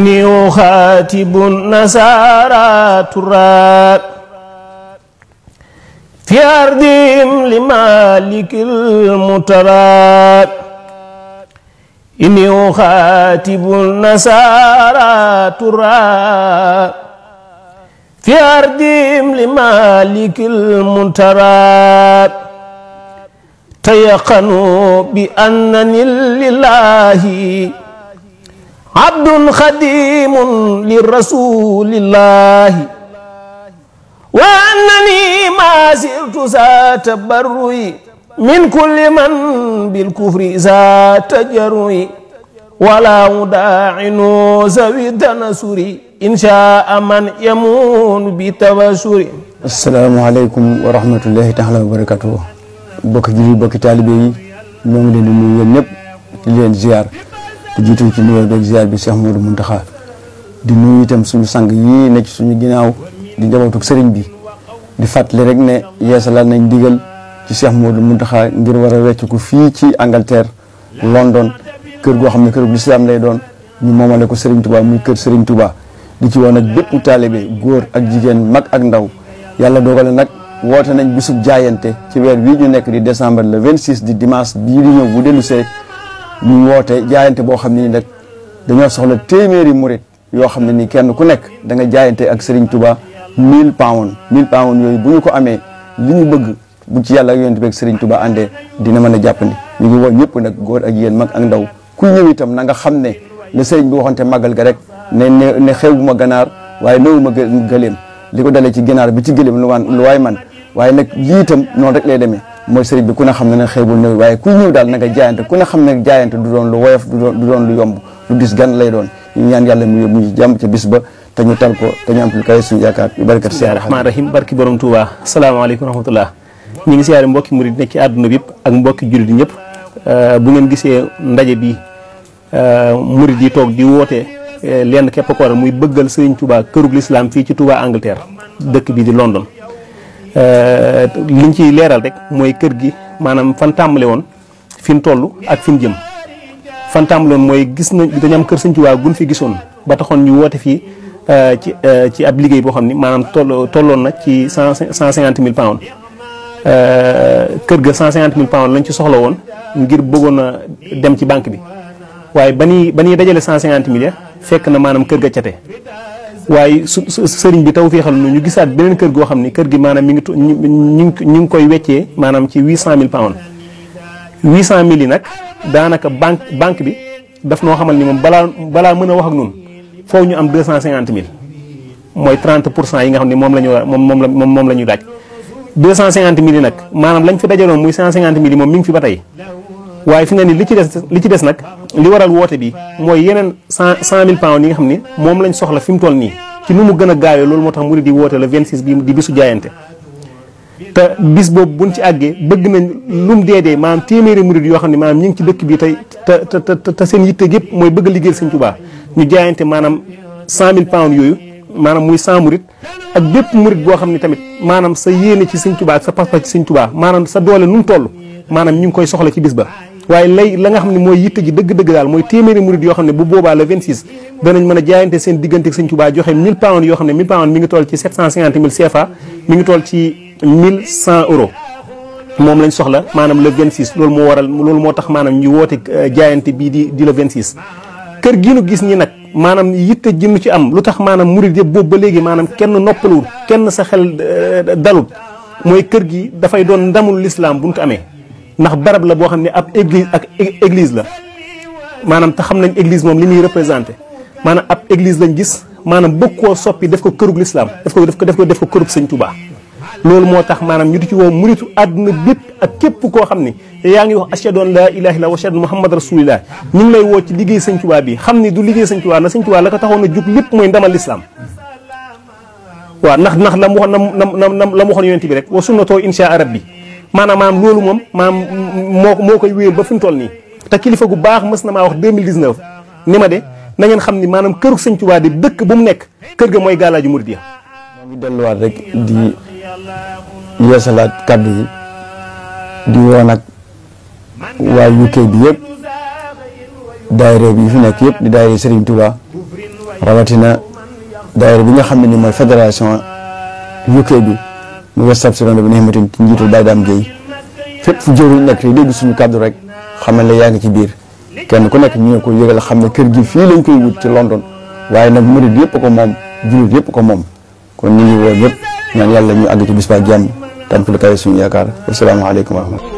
إني أخاتب النصارى تراب في أرضهم لمالك المتراب إني أخاتب النصارى تراب في أرضهم لمالك المتراب تيقنوا بأنني لله abdun xadimun li rasulillahi wa annani ma sirtu sa tabarruyi min kulli man bil kufri sa tajaruyi wala mudaa'inu sawi tanasuri inshaa man yamuunu bi tabasuri asalaamu aleykum wa rahmatullahi taala wa barakatuh bokki julli bokki taalibe yi ñoo ngi leen di nuyu yéen ñëpp di leen ziar di jiitu ci nuyoo beeg ziar bi Cheikh Modou Mountakha di nuyu itam suñu sang yii ne ci suñu ginnaaw di njabootu sëriñ bi di fàttali rek ne yeesalal nañ digal ci Cheikh Modou Mountakha ngir war a wecc ko fii ci Angleterre London kër goo xam ne kër bu lislaam lay doon ñu moomale ko Serigne Touba muy kër Serigne Touba di ci woon nag bépp taalibe góor ak jigéen mag ak ndaw yàlla doogale nag woote nañ bisub jaayante ci weer bii ñu nekk di décembre le 26 di dimanche bii di ñëw bu dellu see mu woote jaayante boo xam ne nii nag dañoo soxla téeméeri murit yoo xam ne ni kenn ku nekk da nga jaayante ak Serigne Touba 1000 pounds 1000 pounds yooyu bu ñu ko amee ni ñu bëgg bu ci yàlla ak yonent bi ak Serigne dina mën a jàppandi ñu ngi woo ñëpp nag góor ak yéen mag ak ndaw ku ñëw itam na nga xam ne le Serigne bi waxante màggal ga rek ne ne ne ganaar waaye néewuma gëleem li ko dalee ci ganaar bi ci gëleem lu waan lu waay man waaye nag lii itam noonu rek lay demee mooy sëriñ bi ku ne xam ne ne xeebul néew waaye ku ñëw daal na a jaayante ku ne xam ne jaayante du doon lu woyof du doon lu yomb lu dis gan lay doon ñu ñaan yàlla mu ñu jàmm ca bis ba te ñu tal ko te ñu am lu kawe suñu yaakaar yu barkat si rahmaan rahim barki borom Tuuba salaamaaleykum wa ñu ngi siyaare mbokki murid nekk ci àdduna bi yëpp ak mbokki jullit ñëpp euh, bu ngeen gisee ndaje bi euh, murid yi toog di woote euh, lenn képp ko muy bëggal sëriñ Tuuba kërug lislaam fii ci Tuuba Angleterre dëkk bi di London Euh, liñ ciy leeral rek mooy kër gi maanaam fan tàmbale woon fi mu toll ak fi mu jëm fan tàmbale woon mooy gis nañ dañu am kër Sëñ Tuubaa gun fi gisoon ba taxoon ñu woote fii euh, ci euh, ci ab liggéey boo xam ni maanaam toll tolloon na ci cent cent cinquante mille pounds kër ga cent cinquante mille pounds lañ ci soxla woon ngir bëggoon a dem ci banque bi waaye ba ñuy ba ñuy dajale cent cinquante mille fekk na maanaam kër ga cate waaye su sëriñ bi taw féexal nu ñu gisaat beneen kër goo xam ne kër gi maanaam mi ngi ñu ñu ngi koy weccee maanaam ci huit cent mille pounds huit cent mille yi nag daanaka banque bi daf noo xamal ni moom balaa balaa mën a wax ñu am deux cent cinquante mille mooy trente pour cent yi nga xam ne moom la ñu war moom moom la moom la ñu daaj deux cent mille yi nag maanaam lañ fi dajaloon muy cent cinquante mille yi moom mi ngi fi ba tey waaye fi mu ne nii li ci des li ci des nag li waral woote bi mooy yeneen cent cent mille pounds yi nga xam ni moom lañ soxla fi mu toll nii ci nu mu gën a gaawee loolu moo tax murid di woote la 26 bi di bisu jaayante te bis boobu bu buñ ci àggee bëgg nañ mu dee dee maanaam téeméeri murid yoo xam ne maanaam ñu ngi ci dëkk bi tey te te te seen mooy bëgg a liggéeyal ñu jaayante maanaam cent mille pounds yooyu maanaam muy cent murid ak bépp murid boo xam ne tamit maanaam sa yéene ci Sëñ Tuubaa ak sa pas-pas ci Sëñ maanaam sa doole nu mu toll maanaam ñu ngi koy soxla ci bis ba waaye lay la nga xam ne mooy yitte ji dëgg-dëgg daal mooy téeméeri murid yoo xam ne bu boobaa la 26 danañ mën a jaayante seen diggante ak Sëñ Tuubaa joxe 1000 pounds yoo xam ne 1000 pounds mi mi ngi toll ci 1100 moom lañ soxla maanaam le 26 loolu moo waral loolu moo tax maanaam ñu woote euh, jaayante bii di di le 26. kër gi nu gis ñi nag maanaam yitte ji nu ci am lu tax maanaam murid yëpp boobu ba léegi maanaam kenn noppaluwul kenn sa xel euh, dalul mooy kër gi dafay doon ndamul lislaam bu ñu ko amee. ndax barab la boo xam ne ab église ak église la maanaam te xam nañ église moom li muy représenté maanaam ab église lañ gis maanaam bëgg koo soppi def ko kërug lislaam def ko def ko def ko kërug sëñ Touba. loolu moo tax maanaam ñu di ci woo muritu àdduna bépp ak képp koo xam ne yaa ngi wax ashhadu an laa ilaaha illallaah wa ashhadu muhammad rasulillah ñu ngi lay woo ci liggéey sëñ Touba bi xam ni du liggéey sëñ Touba na sëñ Touba la ko taxoon a jug lépp mooy ndamal lislaam waaw ndax ndax la mu waxoon la mu waxoon yonent bi rek wa sunnatoo insha rabbi maanaam maanaam loolu moom maam moo moo koy wéyal ba fi mu toll nii te kilifa gu baax mës na maa wax 2019 ni ma de na ngeen xam ni maanaam këru Sëñ Tuubaa di dëkk bu mu nekk kër ga mooy gaalaaju murid ya maa ngi delluwaat rek di yeesalaat kàddu yi di woo nag waa UK bi yëpp daayira bi fi nekk yëpp di daayira Serigne Touba rawatina daayira bi nga xam ne ni mooy fédération UK bi mu westab si ronde bi ne xamatin ci njiitul Baye Dame Gueye fépp fu jëwriñ nekk te dégg suñu kàddu rek xamal la yaa ngi ci biir kenn ku nag ñu ne ko yëgal xam ne kër gi fii lañ koy wut ci London waaye nag murid yëpp ko moom jullit yëpp ko moom kon ñu ngi woo ñëpp ñaan yàlla ñu àgg ci bis ba jàmm tam lu kawe suñu yaakaar asalaamaaleykum wa rahmatulah